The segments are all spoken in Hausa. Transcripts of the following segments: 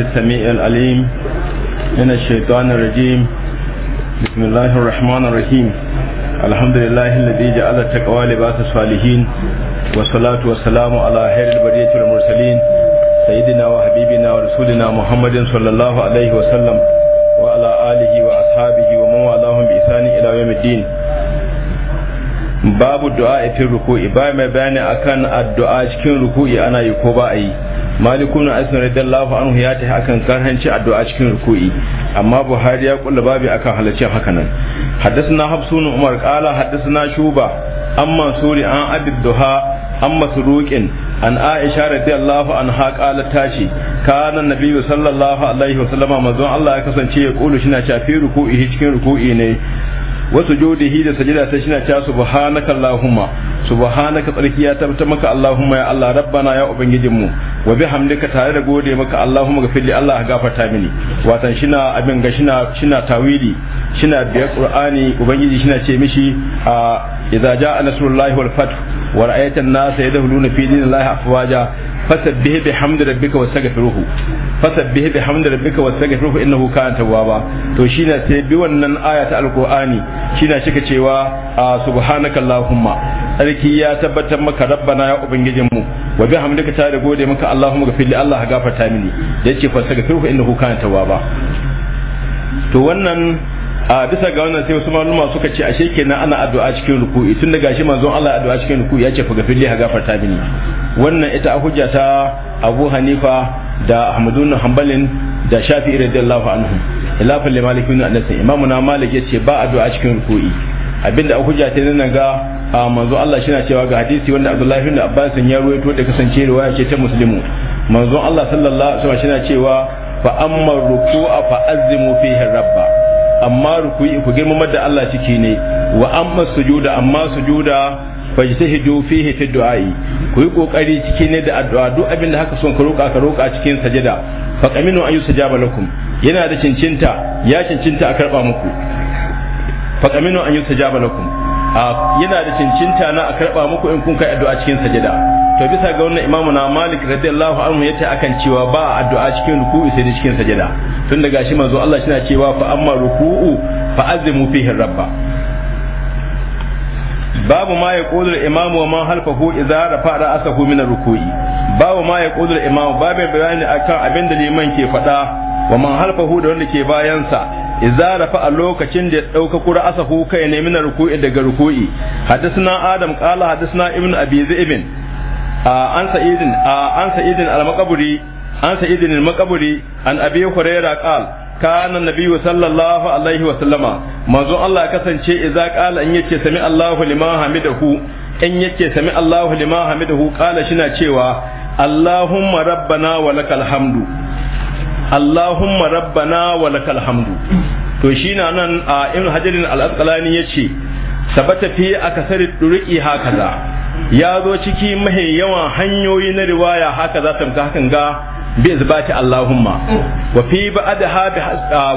السميع العليم من الشيطان الرجيم بسم الله الرحمن الرحيم الحمد لله الذي جعل التقوى لباس الصالحين والصلاة والسلام على خير البرية والمرسلين سيدنا وحبيبنا ورسولنا محمد صلى الله عليه وسلم وعلى آله وأصحابه ومن والاهم بإحسان إلى يوم الدين babu du'a fi ruku'i ba mai bayani akan addu'a cikin ruku'i ana yi ko ba a yi malikuna na asin radiyallahu anhu ya tafi akan karhanci addu'a cikin ruku'i amma buhari ya kulla babi akan halarci hakanan haddathana habsun umar qala haddathana shuba amma suri an abid duha amma suruqin an aisha radiyallahu anha qala tashi kana nabiyyu sallallahu alaihi wasallam manzon Allah ya kasance ya kulu shi na shafi ruku'i cikin ruku'i ne wasu jodihi da sajada ta shi na cewa subhanaka allahumma subhanaka tsarkiya ta maka allahumma ya allah rabbana ya ubangijin mu wa bi ka tare da gode maka allahumma fili allah gafarta mini watan shina abin ga shina shina tawili shina biya qur'ani ubangiji shina ce mishi a idza jaa nasrullahi wal fath ورأيت الناس يدخلون في دين الله أفواجا fasabbih بحمد ربك واستغفره fasabbih بحمد ربك واستغفره كان توابا to شينا sai bi wannan aya ta alqur'ani shine shika cewa subhanaka allahumma sarki ya tabbatar maka rabbana ya ubangijin mu wa bihamdika ta da gode maka allahumma ghafir li allah gafarta mini yace fastaghfiruhu innahu kana to wannan a bisa ga wannan sai wasu maluma suka ce ashe kenan ana addu'a cikin ruku'i tun da gashi manzon Allah addu'a cikin ruku'i ya ce fa filli ha gafarta mini wannan ita a hujja ta Abu Hanifa da Ahmadun Hanbalin da Shafi'i radiyallahu anhu ilafin li Malik ibn Anas imamu na Malik ce ba addu'a cikin ruku'i abinda a hujja ta nan ga manzon Allah shi na cewa ga hadisi wanda Abdullahi ibn Abbas ya ruwaito da kasance riwaya ce ta muslimu manzon Allah sallallahu alaihi wasallam shi na cewa fa amma ruku'a fa azimu fihi rabba amma ruku'i ku girmamar da Allah ciki ne wa amma sujuda amma sujuda fajtahidu fihi fi du'a'i ku yi kokari ciki ne da addu'a duk abin da haka son ka roka ka roka cikin sajada fa qaminu ayu sajaba lakum yana da cincinta ya cincinta a karba muku fa qaminu ayu sajaba lakum yana da cincinta na a karba muku in kun kai addu'a cikin sajada to bisa ga wannan imamu na malik radiyallahu anhu yace akan cewa ba addu'a cikin ruku'u sai da cikin sajada tun da gashi manzo Allah shi na cewa fa amma ruku'u fa azimu fihi rabba babu ma ya kudur imamu wa man halfahu idza rafa ra'sahu min ruku'i babu ma ya kudur imamu babu bayani akan abinda da liman ke faɗa wa man halfahu da wanda ke bayansa idza rafa a lokacin da ya dauka kura asahu kai ne min ruku'i daga ruku'i hadisna adam qala hadisna ibnu abi zaibin an sa'idin an sa'idin al-maqburi an sa'idin al-maqburi an abi hurairah qala كان النبي صلى الله عليه وسلم منذ الله كسنce idza qala in yace sami Allahu liman hamidahu in yace sami Allahu liman hamidahu qala na cewa Allahumma rabbana wa lakal hamdu Allahumma rabbana wa lakal hamdu to shi na nan a ibn hajarin al-asqalani yace sabata fi akasarit duruki hakaza ya zo ciki mahi yawan hanyoyi na riwaya haka za ta hakan ga bi zubati allahumma wa fi ba'daha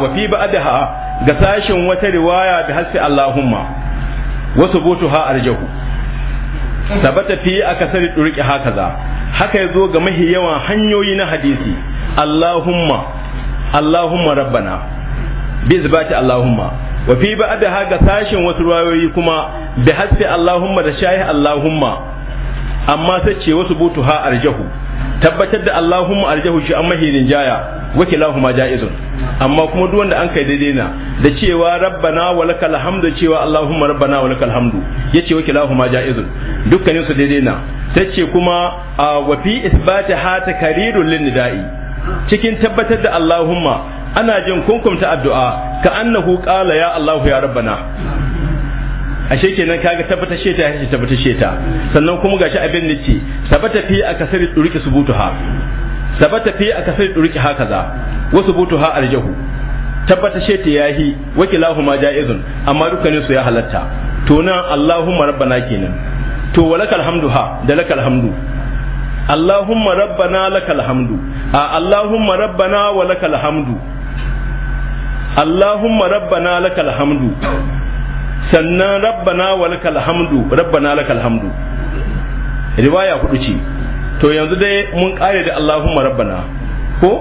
wa fi ba'daha ga sashin wata riwaya bi hasbi allahumma wa thubutuha arjahu sabata fi akasari duriki za haka yazo ga mahi yawan hanyoyi na hadisi allahumma allahumma rabbana bi zubati allahumma wa fi da ga sashen wasu rayoyi kuma da hasbi Allahumma da shayi Allahumma amma ta ce wasu ha arjahu tabbatar da Allahumma arjahu shi an mahirin jaya lahuma jaizun amma kuma duk wanda an kai daidai na da cewa rabbana wa lakal hamdu cewa Allahumma rabbana wa lakal hamdu yace lahuma jaizun dukkanin su daidai na ce kuma wa fi isbati ha takarirul lin nida'i cikin tabbatar da Allahumma ana jin kunkumta addu'a ka annahu qala ya allah ya rabbana ashe kenan kaga tabbata sheta ya tabbata sheta sannan kuma gashi abin da ce tabbata fi akasari duriki subutuha tabbata fi akasari duriki hakaza wa subutuha arjahu tabbata sheta yahi wakilahu ma jaizun amma dukkanin su ya halatta to nan Allahumma rabbana kenan to walakal hamduha da lakal hamdu Allahumma rabbana lakal hamdu a Allahumma rabbana wa lakal hamdu Allahumma rabbana lakal hamdu sannan rabbana wa lakal hamdu rabbana lakal hamdu riwaya hudu ce to yanzu dai mun kare da Allahumma rabbana ko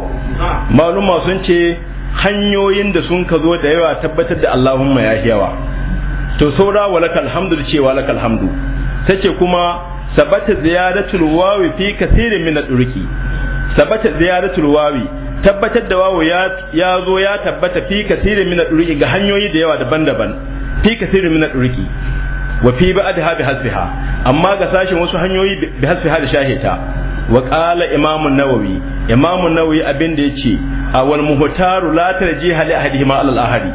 maluma sun ce hanyoyin da sun ka zo da yawa tabbatar da Allahumma ya yawa to saura wa lakal hamdu da cewa lakal hamdu tace kuma sabata ziyaratul wawi fi kasirin min ad-durki sabata ziyaratul wawi tabbatar da wawo ya zo ya tabbata fi kasirin min ad-duruki ga hanyoyi da yawa daban-daban fi kasirin min ad-duruki wa fi ba'daha bi hasbiha amma ga sashin wasu hanyoyi bi hasbiha da shahita wa qala imam an-nawawi imam an-nawawi abin da yace wal muhtaru la tarjiha li a hadihima al-ahadi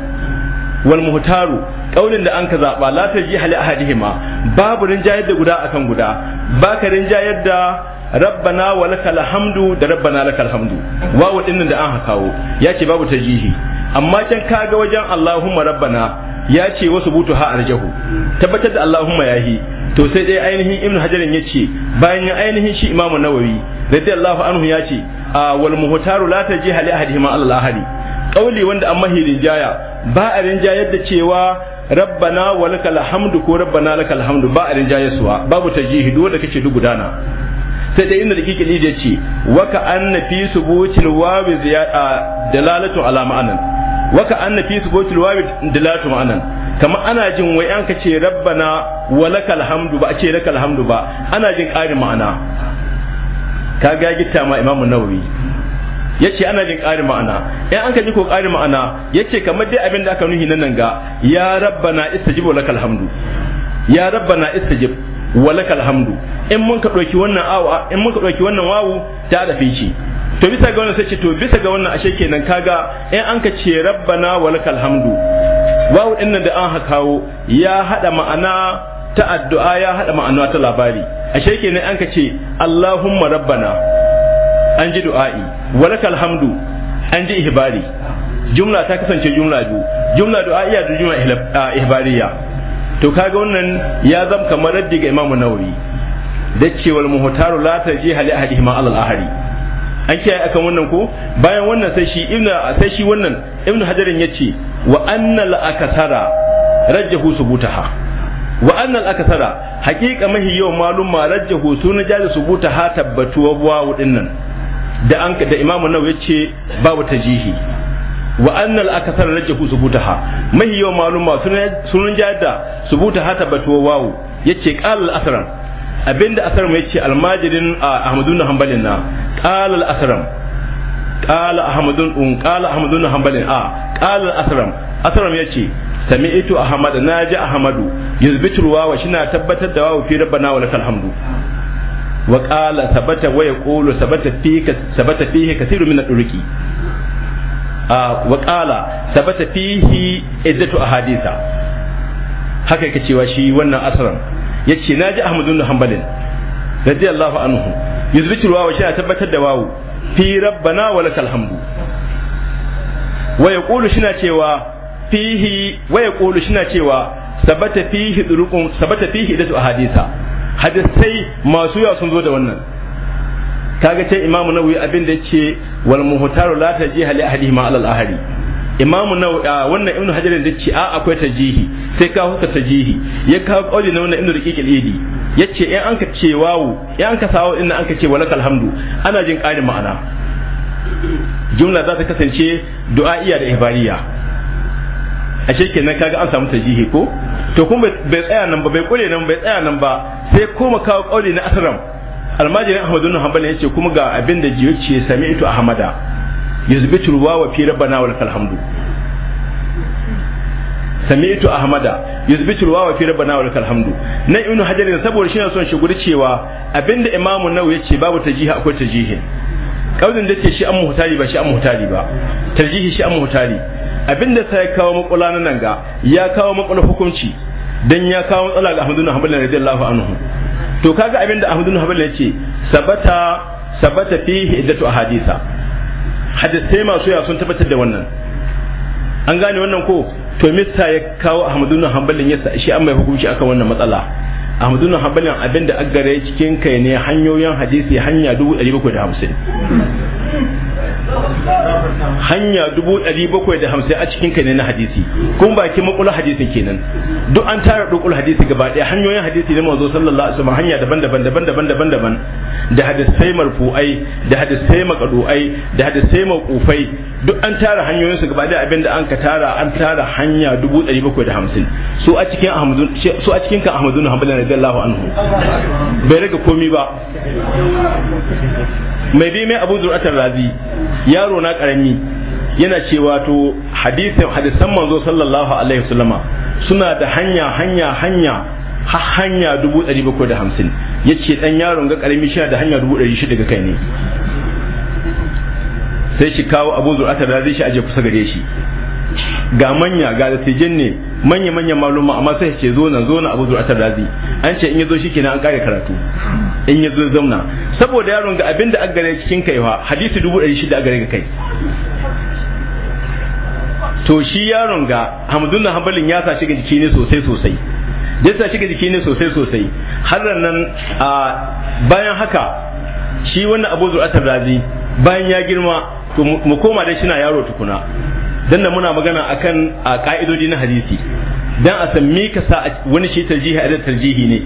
wal muhtaru kaulin da an ka zaba la hali a hadihima babu rinjayar da guda akan guda ba ka rinjayar da rabbana wa lakal hamdu da rabbana lakal hamdu wawu dinnan da an hakawo ya ce babu tajihi amma can kaga wajen allahumma rabbana ya ce wasu butu ha arjahu tabbatar da allahumma yahi to sai dai ainihin ibnu hajarin ya ce bayan ainihin shi imamu nawawi radiyallahu anhu ya ce wal muhtaru la tajiha li ahadihima ala ahadi kauli wanda an mahi rinjaya ba a rinjayar da cewa rabbana wa lakal hamdu ko rabbana lakal hamdu ba a rinjayar suwa babu tajihi duk da kace duk gudana sai dai inda dakiki ne da ce waka anna fi subutil wawi ziyada dalalatu ala ma'anan waka anna fi subutil wawi dalalatu ma'anan kamar ana jin wai an ka ce rabbana wa lakal hamdu ba a ce lakal hamdu ba ana jin ƙarin ma'ana ka ga gitta ma imamu nawawi yace ana jin ƙarin ma'ana in an ka ji ko ƙarin ma'ana yace kamar dai abin da aka nuhi nan ga ya rabbana istajibu lakal hamdu ya rabbana istajib walakal hamdu in mun ka ɗauki wannan awa in mun ka ɗauki wannan wawu ta da fici to bisa ga wannan sai ce to bisa ga wannan ashe kenan kaga in an ka ce rabbana walakal hamdu wawu din da an kawo ya hada ma'ana ta addu'a ya hada ma'ana ta labari ashe kenan an ka ce allahumma rabbana an ji du'a'i walakal hamdu an ji ihbari jumla ta kasance jumla biyu jumla du'a'iyya da jumla ihbariya to kaga wannan ya zam kamar raddi ga imamu nawawi da cewar muhtaru la ji hali ma alal ahari an kiyaye akan wannan ko bayan wannan sai shi ibnu sai shi wannan ibnu ya ce wa annal akthara rajjahu subutaha wa annal akthara haqiqa mahi yau malum ma rajjahu sun jaji subutaha tabbatuwa wa wudin nan da an da imamu nawawi ce babu tajihi wa annal akasar rajahu ha mahi yawan maluma sun jayar da ha tabbatuwa wawu yace qal asram abinda asram yace almajirin ahmadun hanbalin na qal al asram ahmadun un qal ahmadun a naji ahmadu yuzbitul wawa shina tabbatar da wawu fi rabbana wa lakal hamdu wa qala sabata sabata sabata min wa qala sabata fihi iddatu ahadisa haka yake cewa shi wannan asaran yace naji ahmadu bin hanbalin radiyallahu anhu yuzbitu wa shi tabbatar da wawu fi rabbana wa lakal hamdu wa yaqulu shina cewa fihi wa yaqulu shina cewa sabata fihi durqun sabata fihi iddatu ahadisa hadisai masu yawa sun zo da wannan kaga ce imamu nawawi abin da yake wal muhtaru la tajiha li ahadihi ma al ahadi imamu nawawi wannan ibnu hajar da yake a akwai tajihi sai ka huka tajihi ya kawo kauli na wannan ibnu raqiq idi yace in an ka ce wawu in an ka sawo in an ka ce walakal hamdu ana jin ƙarin ma'ana jumla za ta kasance du'a'iya da ibariya ashe kenan kaga an samu tajihi ko to kuma bai tsaya nan ba bai kure nan bai tsaya nan ba sai koma kawo kauli na asram almajirin ahmadu bin ya yace kuma ga abin da ya sami ito ahmada yuzbitu ruwa wa fi rabbana wa lakal hamdu ito ahmada yuzbitu ruwa wa fi rabbana wa lakal hamdu na ibnu hajar saboda shi na son shi guri cewa abinda imamu ya yace babu tajihi akwai tajihin kaulin da ke shi an muhtari ba shi an muhtari ba tarjihi shi an muhtari abinda sai kawo makula nan ga ya kawo makula hukunci dan ya kawo matsala ga Ahmadu bin hanbali radiyallahu anhu to kaga abin da Ahmadu Hanbal ya ce sabata sabata fi hiddatu ahadisa hadisai masu ya sun tabbatar da wannan an gane wannan ko to mista ya kawo Ahmadu Hanbal ya sa shi an mai hukunci akan wannan matsala Ahmadu Hanbal abin da aggare cikin kai ne hanyoyin hadisi hanya 1750 hanya dubu ɗari bakwai da hamsin a cikin kai ne na hadisi kun baki makula hadisin kenan duk an tara dukul hadisi gaba ɗaya hanyoyin hadisi na manzo sallallahu alaihi wasallam hanya daban-daban daban-daban daban-daban da hadisai marfu'ai da hadisai maqdu'ai da hadisai maqufai duk an tara hanyoyin su gaba ɗaya abinda an ka tara an tara hanya dubu ɗari bakwai da hamsin su a cikin ahmadu su a cikin kan ahmadu na hanbali radiyallahu anhu bai rage komi ba mai bi mai abu zur'atar razi yaro na karami yana cewa to hadisan hadisan manzo sallallahu alaihi wasallama suna da hanya hanya hanya ha hanya dubu ɗari bakwai da hamsin ya ce ɗan yaron ga ƙarami shi da hanya dubu ɗari shida ga kai ne sai shi kawo abu zur'atar razi shi aje kusa gare shi ga manya ga dattijan ne manya manyan maluma amma sai ce zo na zo na abu zur'atar razi an ce in ya zo shi kenan an kare karatu in ya zauna saboda yaron ga abinda aka gare cikin kai fa hadisi dubu ɗari shida aka gare kai to shi yaron ga hamdun hambalin ya sa shiga jiki ne sosai sosai ya sa shiga jiki ne sosai sosai har nan a bayan haka shi wannan abu ta razi bayan ya girma to mu koma dai shi na yaro tukuna dan nan muna magana akan a ka'idodi na hadisi dan a san me ka sa wani shi tarjihi a tarjihi ne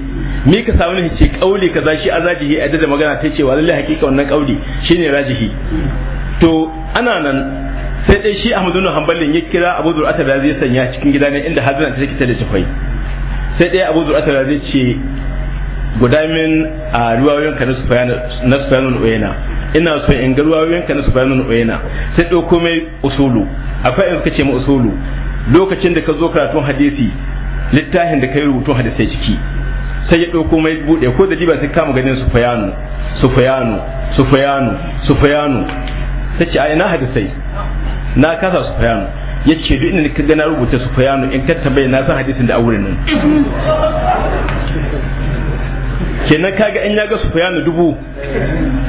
me ka sa wani ce kauli kaza shi a rajihi a da magana ta ce wallahi hakika wannan kauli shine rajihi to ana nan sai dai shi Ahmadu bin Hanbal ya kira Abu Zur'ata da zai sanya cikin gida ne inda Hazran ta take ta da tafai sai dai Abu Zur'ata da zai ce guda min a ruwayoyin ka na Sufyanul Uyayna ina so in ga ruwayoyin ka na Sufyanul Uyayna sai dauko mai usulu akwai in suka ce mu usulu lokacin da ka zo karatun hadisi littafin da ka yi rubutun hadisai ciki sai ya ɗauko mai buɗe ko da jiba sai kama ganin sufayanu sufayanu sufayanu sufayanu ta ce a ina hadisai na kasa sufayanu ya ce duk inda ka gana rubuta sufayanu in ka tabbai na san hadisin da a wurin nan kenan kaga in ya ga sufayanu dubu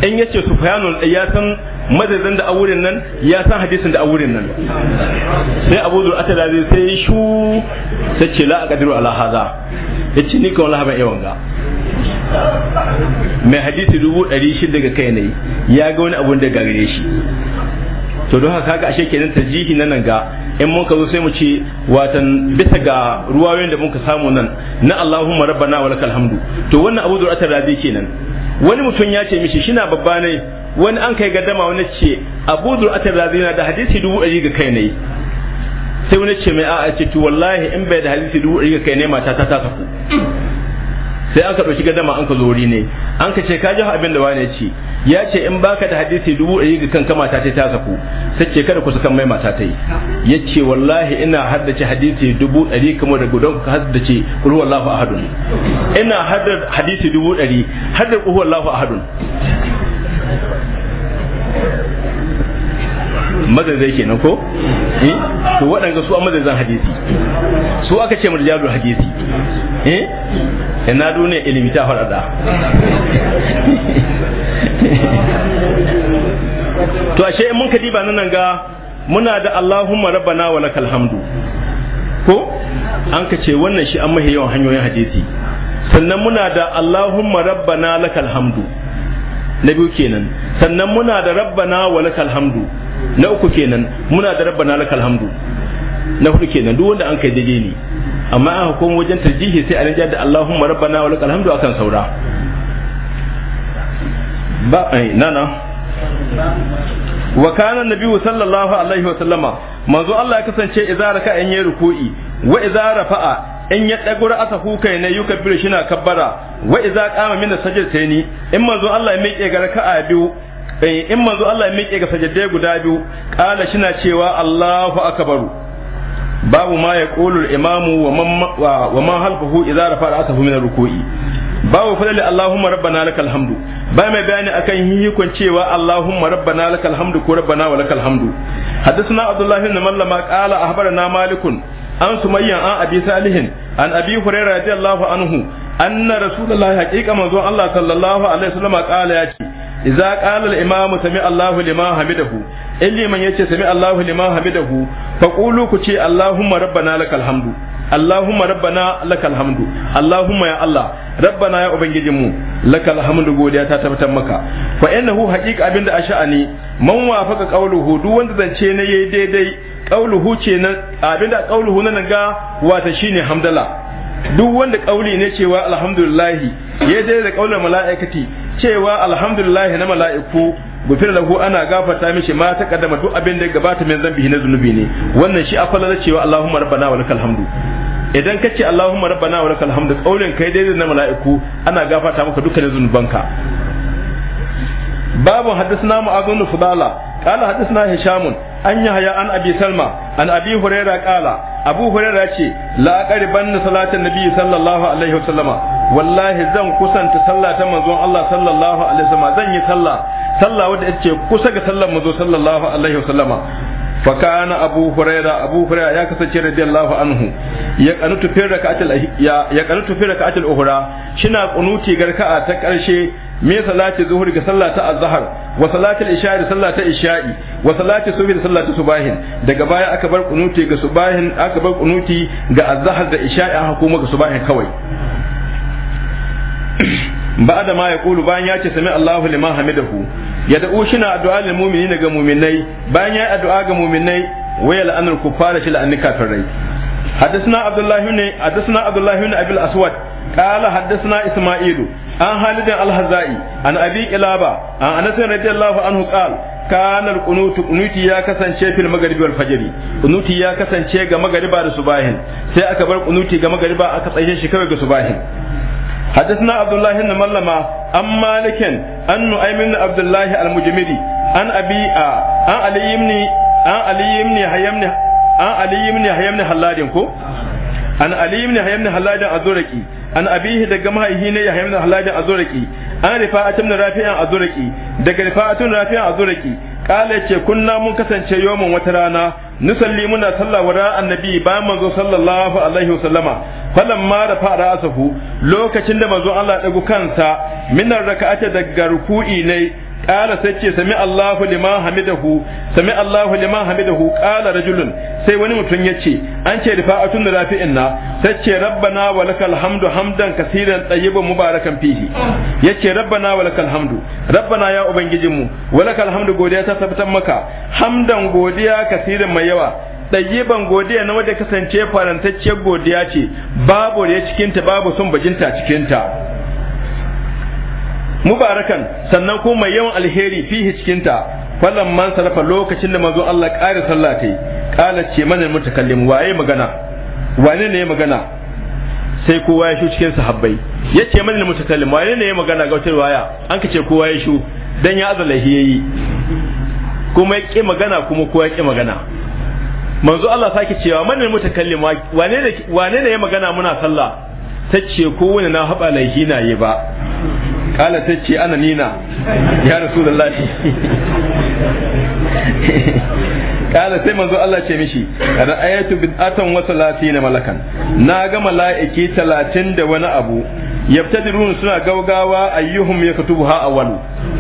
in ya ce sufayanu ya san madadin da awurin nan ya san hadisin da awurin nan sai abu zuwa ta zai sai shu ta ce la a kadiru ala ya ce ni kawai lahaban yawan ga mai hadisi dubu ɗari shi daga kai ne ya ga wani abun da gagare shi to don haka ashe kenan jihi na nan ga in mun ka zo sai mu ce watan bisa ga ruwayoyin da ka samu nan na Allahumma rabbana wa lakal hamdu to wannan abu zur'atar razi kenan wani mutum ya ce mishi shina babba ne wani an kai gadama wani ce abu zur'atar razi yana da hadisi dubu ɗari ga kai ne sai wani ce mai a'a ce tu wallahi in bai da hadisi dubu ɗari ga kai ne mata ta ta saku sai an ka ɗauki gadama an ka zo ne an ka ce ka ji abin da wane ce ya ce in baka da hadisi dubu ɗari ga kanka mata ta ta saku sai ce kada ku kan mai mata ta yi ya ce wallahi ina haddace hadisi dubu ɗari kuma da gudon ka haddace kulhuwallahu ahadun ina haddace hadisi dubu ɗari haddace kulhuwallahu ahadun madadai kenan ko eh to waɗanga su a madadin hadisi su aka ce murjalul hadisi eh ina duniya ilimi ta farada to ashe in mun kadiba nan ga muna da Allahumma rabbana wa lakal hamdu ko an ka ce wannan shi an mahi yawan hanyoyin hadisi sannan muna da Allahumma rabbana lakal hamdu na biyu kenan sannan muna da rabbana wa lakal hamdu na uku kenan muna da rabbana lakal hamdu na hudu kenan duk wanda an kai daidai ne amma aka koma wajen tarjihi sai a rija da Allahumma rabbana wa lakal hamdu akan saura ba ai nana wa kana nabiyyu sallallahu alaihi wa sallama manzo Allah ya kasance idza raka'a yayin ruku'i wa idza rafa'a in ya dago asa hukai ne shi shina kabbara wa idza qama min sajdataini in manzo Allah ya miƙe ga raka'a biyu eh, in manzo Allah ya miƙe ga sajadai guda biyu qala shina cewa Allahu akbaru babu ma ya qulul imamu wa man wa man halfahu idza rafa'a asa min ruku'i babu fadali Allahumma rabbana lakal hamdu ba mai bayani akan hihikon cewa Allahumma rabbana lakal hamdu ko rabbana wa lakal hamdu حدثنا عبد الله بن ملما قال اخبرنا مالك an sumayya an abi salihin an abi hurairah radiyallahu anhu anna rasulullahi haqiqa manzon Allah sallallahu alaihi wasallam qala ya ce idza qala al sami Allahu liman hamidahu illi man yace sami Allahu liman hamidahu fa qulu ku ce Allahumma rabbana lakal hamdu Allahumma rabbana lakal hamdu Allahumma ya Allah rabbana ya ubangijin mu lakal hamdu godiya ta tabbatar maka fa innahu haqiqa abinda a sha'ani man wafaka qawluhu duk wanda zance ne yayi daidai qawluhu kenan abinda qawluhu nan ga wata shine hamdala duk wanda ne cewa alhamdulillah ya daidai da kaulin mala'ikati cewa alhamdulillah na mala'iku gufira lahu ana gafarta mishi ma ta kaddama duk abin da ya gabata min zambi na zunubi ne wannan shi a falala cewa Allahumma rabbana wa lakal hamdu idan ka ce Allahumma rabbana wa lakal hamdu kaulin kai daidai na mala'iku ana gafarta maka dukkanin zunubanka babu hadisna mu abun fudala قال حدثنا هشام أن يحيى عن أبي سلمى عن أبي هريرة قال أبو هريرة لا أقربن صلاة النبي صلى الله عليه وسلم wallahi zan kusanta sallah ta manzon Allah sallallahu alaihi wasallam zan yi sallah sallah wadda yake kusa ga sallar manzo sallallahu alaihi wasallama fa kana abu hurayra abu hurayra ya kasance radiyallahu anhu ya qanutu fi rak'atil ya ya qanutu fi rak'atil ukhra shina qunuti garka'a ta karshe me salati zuhur ga sallah ta azhar wa salati isha da sallah ta isha'i wa salati subhi da sallah ta subahin daga baya aka bar qunuti ga subahin aka bar qunuti ga azhar da isha'i aka kuma ga subahin kawai ba'da ma yaqulu bayan ya ce sami Allahu liman hamidahu ya da'u shina addu'a lil mu'minina ga mu'minai bayan ya addu'a ga mu'minai wayal anil kufara shi la'anni kafirai حدثنا عبد الله بن حدثنا عبد الله بن ابي الاسود قال حدثنا اسماعيل عن خالد الهزائي عن ابي قلابه عن انس رضي الله عنه قال كان القنوت قنوتي يا كسانشي في المغرب والفجر قنوتي يا kasance ga magariba da subahin sai aka bar kunuti ga magariba aka tsaye shi kawai ga subahin حدثنا عبد الله بن ملما عن مالك عن نعيم بن عبد الله المجمري عن أبي عن علي بن عن علي بن يحيى بن عن علي بن يحيى بن حلاد كو عن علي بن يحيى بن حلاد الزرقي عن أبيه دجما هنا يحيى بن حلاد الزرقي عن رفاعة بن رافع الزرقي دج رفاعة رافع الزرقي قال يتي كنا من كسنچ يوم وترانا nusalli muna sallah wa annabi ba manzo sallallahu alaihi wasallama falamma da fara asafu lokacin da manzo Allah ya dago kansa minar raka'ata daga ruku'i ne qala sai ce sami Allahu liman hamidahu sami Allahu liman hamidahu qala rajulun sai wani mutum yace an ce rifa'atun rafi'in na sai ce rabbana wa hamdan kaseeran tayyiban mubarakan fihi yace rabbana wa lakal hamdu rabbana ya ubangijinmu wa lakal hamdu godiya ta tabbatar maka hamdan godiya kaseeran mai yawa ɗayyiban godiya na kasance farantacciyar godiya ce babu ya cikinta babu son bajinta cikinta mubarakan sannan kuma mai yawan alheri fihi cikinta Wannan man salafa lokacin da manzo Allah ƙara sallah tai qala ce mana mutakallim waye magana wane ne magana sai kowa ya shu cikin sahabbai yace mana mutakallim waye ne magana ga wata riwaya an kace kowa ya shu dan ya azala yayi kuma ya ki magana kuma kowa ya ki magana manzo Allah sake cewa mana mutakallim wane ne wane ne ya magana muna sallah tace ko wani na haɓa laihi na yi ba kala ta ce ana nina ya rasu da lafi kala sai manzo Allah ce mishi ra'ayatu bid'atan wa na malakan na ga mala'iki talatin da wani abu yabtadirun suna gaugawa ayyuhum yaktubuha awwal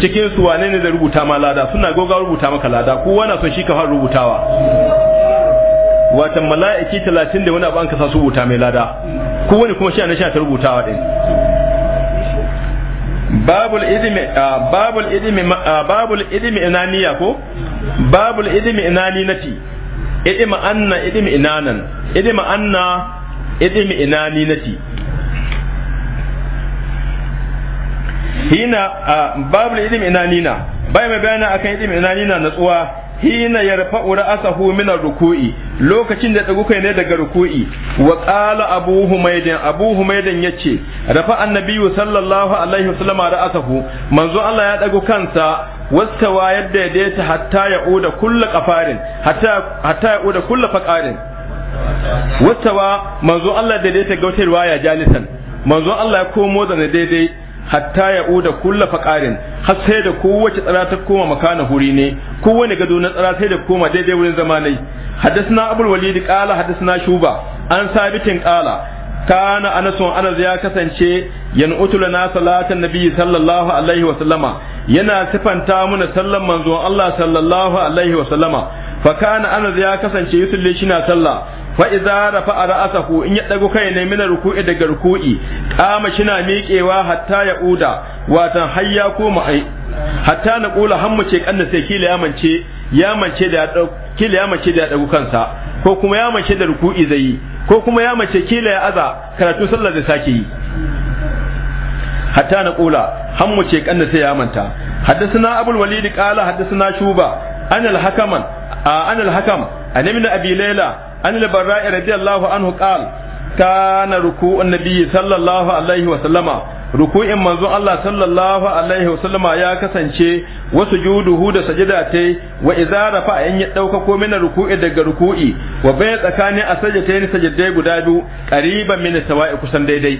cikin su wane ne da rubuta ma lada suna gaugawa rubuta maka lada ko na son shi ka fara rubutawa wata mala'iki talatin da wani abu an kasa su rubuta mai lada ko wani kuma sha na sha ta rubutawa din babul idimi ah, babul idimi ah, babul idimi inaniya ko babul idimi nati idima anna idimi inanan idima anna idimi nati hina ah, babul idimi inanina bai mai bayana akan idimi inanina natsuwa hina yarfa'u ra'sahu min ruku'i lokacin da dagu kai ne daga ruku'i wa qala abu humaydin abu humaydin yace rafa annabiyyu sallallahu alaihi da asahu manzo Allah ya dagu kansa wastawa yadda ya daita hatta ya ya'uda kullu qafarin hatta hatta ya'uda kullu faqarin wastawa manzo Allah da daita gautar waya jalisan manzo Allah ya komo da daidai hatta ya uda kulla faƙarin. har sai da kowace tsara ta koma makana huri ne kowane gado na tsara sai da koma daidai wurin zama ne haddathna abul walid qala haddathna shuba an sabitin qala kana anas anas ya kasance yan utulana salatan nabi sallallahu alaihi wa sallama yana sifanta mana sallan manzon Allah sallallahu alaihi wa sallama fa kana anas ya kasance yusalli shi na sallah fa idza rafa ra'asahu in ya dago kai ne min ruku'i daga ruku'i kama shina miƙewa hatta ya uda watan hayya ko mai. hatta na kula hammu ce kanna sai kila ya mance ya mance da kila ya mance da ya dago kansa ko kuma ya mance da ruku'i zai yi ko kuma ya mace kila ya aza karatu sallar da sake yi hatta na kula hammu ce kanna sai ya manta حدثنا أبو الوليد قال حدثنا شوبة أنا الحكم آه أنا الحكم أنا من أبي ليلى an al-barra'i radiyallahu anhu qala kana ruku'un nabiyyi sallallahu alaihi wa sallama ruku'in manzon Allah sallallahu alaihi wa sallama ya kasance wasu sujuduhu da sajada ta wa idza rafa in ya dauka ko min ruku'i daga ruku'i wa bai tsakanin asajatayn guda biyu qariban min daidai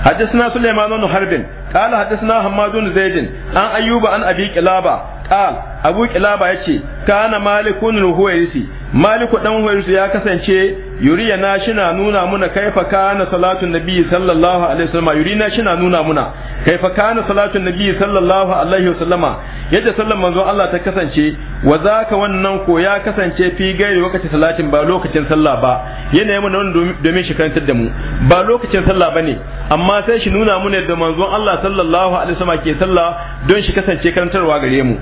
حدثنا سليمان بن حرب قال حدثنا حماد بن زيد عن أيوب عن أبي قلابة qal abu kilaba yace kana malikun al Malik maliku dan huwaisi ya kasance yuriyana shina nuna muna kaifa kana salatun nabi sallallahu alaihi wasallama yurina shina nuna muna kaifa kana salatun nabi sallallahu alaihi wasallama yadda sallan manzo Allah ta kasance wa zaka wannan ko ya kasance fi gairi wakati salatin ba lokacin sallah ba yanayin mun wannan domin shi karantar da mu ba lokacin sallah bane amma sai shi nuna muna da manzon Allah sallallahu alaihi wasallama ke sallah don shi kasance karantarwa gare mu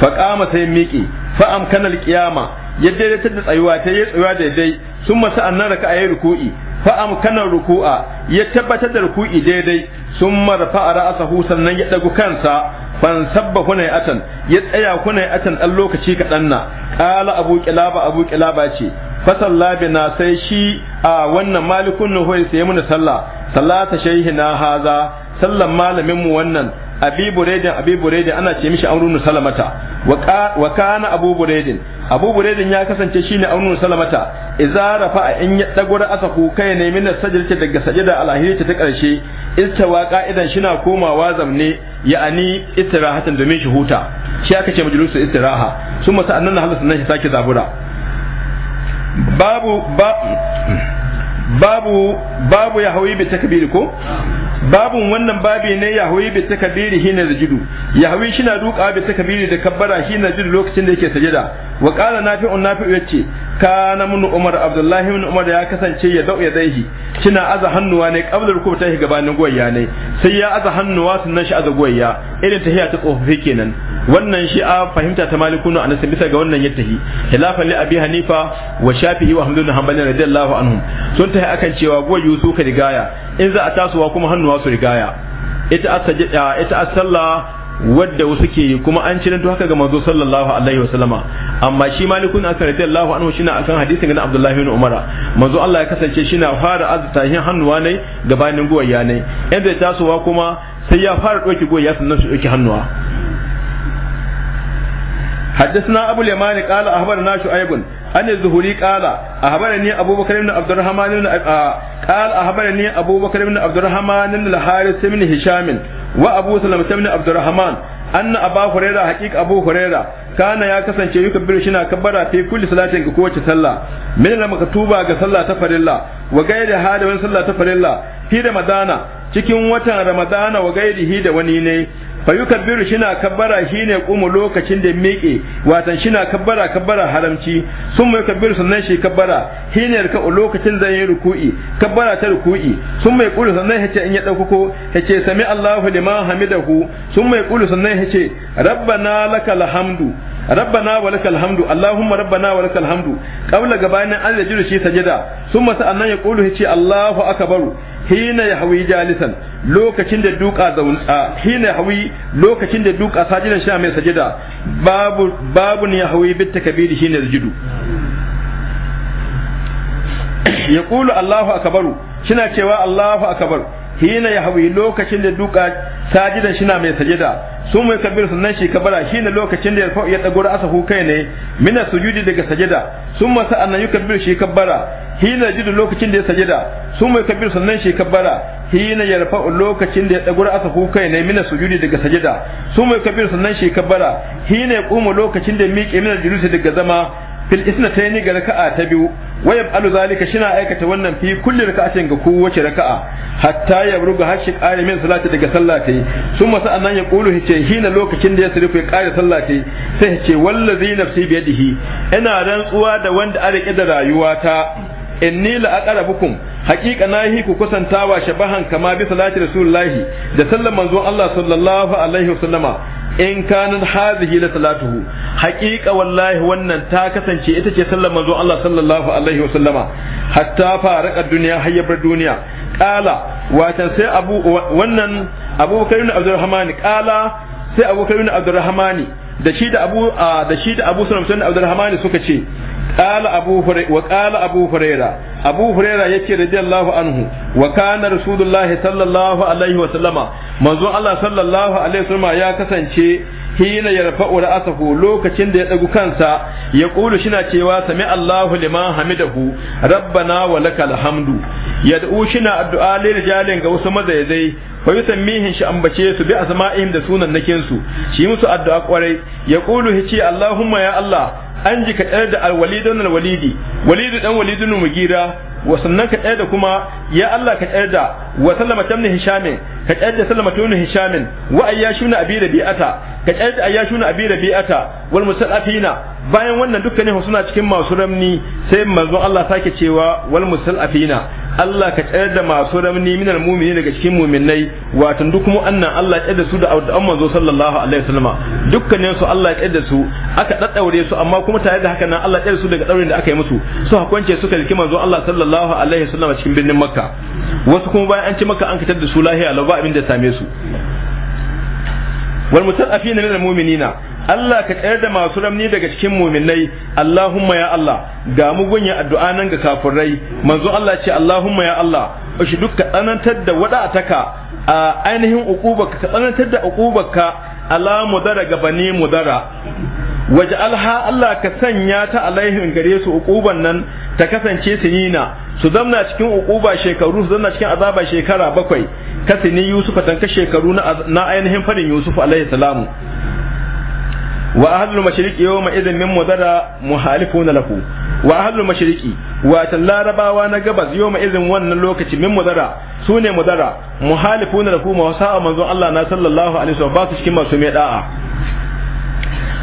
qama sai miƙi fa amkana alqiyama ya daidaita da tsayuwa ta yi tsayuwa daidai sun masu annan raka a yi ruku'i fa amkanar ruku'a ya tabbatar da ruku'i daidai sun fa'ara a sahu sannan ya ɗagu kansa ban sabba hunai atan ya tsaya hunai atan ɗan lokaci kaɗan na ƙala abu ƙilaba abu ƙilaba ce fasalla na sai shi a wannan malikun ya sai muna sallah salata Shayhi na haza sallan malamin mu wannan abi buraidin abi buraidin ana ce mishi amrun salamata wa kana abu buraidin abu buraidin ya kasance shine amrun salamata idza rafa in ya dago da asa kai ne min sajdace daga sajda alahirita ta karshe istawa qa'idan shina komawa zamne ya'ani istirahatan domin shi huta shi aka ce majlisu istiraha summa sa'annan halu sunan shi sake zabura babu ba babu babu ya hawi bi takbir ko babu wannan babi ne ya bi takbir hina ya hawi shi na duka bi takbir da kabbara hina jidu lokacin da yake sajada wa qala nafi'un nafi'u yace kana mun umar abdullahi mun umar ya kasance ya dau ya daihi kina aza hannuwa ne ta rukuta gabanin goyya ne sai ya aza hannuwa sannan shi aza goyya irin tahiya ta tsofaffi kenan wannan shi a fahimta ta malikunu anas bisa ga wannan yattahi khilafan li abi hanifa wa shafi'i wa hamdun hanbali radiyallahu anhum sun tahi akan cewa go yusu ka rigaya in za a tasowa kuma hannuwa su rigaya ita ita salla wadda wasu ke yi kuma an ciranto haka ga manzo sallallahu alaihi wa sallama amma shi malikun akan radiyallahu anhu shina akan hadisin ga Abdullahi ibn Umar manzo Allah ya kasance shina fara aztahin hannuwa ne gabanin goyya ne in zai tasowa kuma sai ya fara doki goyya sannan su doki hannuwa حدثنا أبو اليمان قال أخبرنا شعيب عن الزهري قال أخبرني أبو بكر بن عبد الرحمن بن قال أخبرني أبو بكر بن عبد الرحمن بن الحارث بن هشام وأبو سلمة بن عبد الرحمن أن أبا هريرة حقيق أبو هريرة كان يا كسن شيء يكبر شنا كبر في كل صلاة كوة صلاة من المكتوبة كصلاة تفر الله وغير هذا من صلاة تفر الله في رمضان cikin watan ramadana wa gairihi da wani ne fayukabbiru shina kabbara shine kuma lokacin da miƙe watan shina kabbara kabbara haramci sun mai kabbiru sannan shi kabbara shine ka lokacin da yayin ruku'i kabbara ta ruku'i sun mai kulu sannan yace in ya ko yace sami Allahu liman hamidahu sun mai kulu sannan yace rabbana lakal hamdu rabbana wa lakal hamdu allahumma rabbana wa lakal hamdu qabla gabanin an yajiru shi sajada thumma sa'annan ya qulu yace allahu akbar hina yahwi jalisan lokacin da duka zaun hina yahwi lokacin da duka sajidan sha mai sajada babu babun yahwi bit takbiri shine sujudu ya allahu cewa allahu akbar hina ya hawi lokacin da duka sajidan shina mai sajida su mai kabir sannan shi kabara shine lokacin da ya ya dago asa hu kai ne mina sujudi daga sajida sun masa annan yi kabir shi kabara hina jidu lokacin da ya sajida su mai kabir sannan shi kabara hina ya rafa lokacin da ya dago asa hu kai ne mina sujudi daga sajida su mai kabir sannan shi kabara hina ya kuma lokacin da ya miƙe mina jirusi daga zama fil isnataini ga raka'a ta biyu waya alu zalika shina aikata wannan fi kulli raka'atin ga kowace raka'a hatta ya ruga hashi qari min salati daga sallati Su summa sa'annan ya qulu hice hina lokacin da ya sirfu ya qari sallati sai hice wallazi nafsi bi yadihi ina rantsuwa da wanda a rike da rayuwata inni la aqrabukum haqiqa nahi ku kusantawa shabahan kama bi salati rasulullahi da sallan manzon Allah sallallahu alaihi wasallama in kanin hazihi la salatuhu haqiqa wallahi wannan ta kasance ita ce sallar manzo Allah sallallahu alaihi wa sallama hatta faraka duniya hayyabar duniya qala watan sai abu wannan Abu Bakar ibn Abdurrahman qala sai Abu Bakar ibn Abdurrahman da shi da Abu da shi da Abu Sulaim ibn Abdurrahman suka ce قال أبو هريرة وقال أبو هريرة أبو هريرة يكي رضي الله عنه وكان رسول الله صلى الله عليه وسلم manzon Allah sallallahu alaihi wasallam ya kasance hina yarfa'u ra'sahu lokacin da ya dagu kansa ya kulu shina cewa sami Allahu liman hamidahu rabbana wa lakal hamdu yad'u shina addu'a lil rijalin ga wasu mazaizai fa yusammihin shi ambace su bi asma'ihim da sunan nakin su shi musu addu'a kwarai ya kulu hici Allahumma ya Allah an jika da alwalidun alwalidi walidu dan walidun mugira wa sannan ka tsayar da kuma ya Allah ka tsayar da wa sallama tamni hishamin ka tsayar da sallama tunu hishamin wa ayyashuna abi rabi'ata ka tsayar da ayyashuna abi rabi'ata wal musallafina bayan wannan dukkanin suna cikin masu ramni sai manzon Allah sake cewa wal musallafina Allah ka tsayar da masu ramni minal mu'mini daga cikin mu'minai wato duk mu annan Allah ya da su da addu'an manzo sallallahu alaihi wasallama dukkanin su Allah ya da su aka daddaure su amma kuma tare da haka nan Allah ya da su daga daurin da aka yi musu su hakunce suka liki manzo Allah sallallahu sallallahu alaihi wasallam cikin birnin makka wasu kuma bayan an ci makka an fitar da su lahiya lau ba abin da same su wal mutafafina minal mu'minina Allah ka tsayar da masu ramni daga cikin muminai Allahumma ya Allah ga mu gunya addu'a nan ga kafirai manzo Allah ce Allahumma ya Allah shi duk tsanantar da wadataka a ainihin uqubaka ka tsanantar da uqubaka ala mudara ga bani mudara waje alha Allah ka sanya ta alaihim gare su uquban nan ta kasance sinina su zamna cikin uquba shekaru su zamna cikin azaba shekara bakwai ka sini Yusuf shekaru na ainihin farin Yusuf alaihi salamu wa ahlul mashriqi yawma idhin min mudara muhalifuna lahu wa ahlul mashriqi wa larabawa na gabas yawma idhin wannan lokaci min mudara sune mudara muhalifuna lahu ma sa'a manzon Allah na sallallahu alaihi wasallam ba su cikin masu mai da'a